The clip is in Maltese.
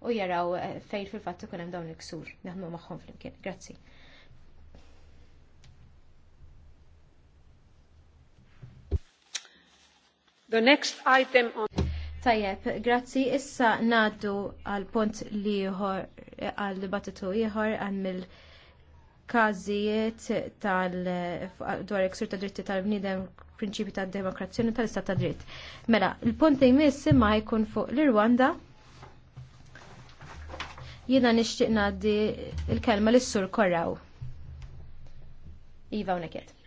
u jaraw eh, fejn fil-fatt ikun hemm dawn il-ksur naħdmu magħhom flimkien. Grazzi. The next item on Tajjeb, grazzi. Issa ngħaddu għal punt liħor għal dibattitu ieħor għan mill każijiet tal dwar iksur ta' dritti tal-bniedem prinċipi tad demokrazzjoni tal-istat ta' dritt. Mela, il-punt jmiss ma jkun fuq l-Irwanda Jiena nixtieq ngħaddi l kelma lis sur Korraw. Iva unekiet.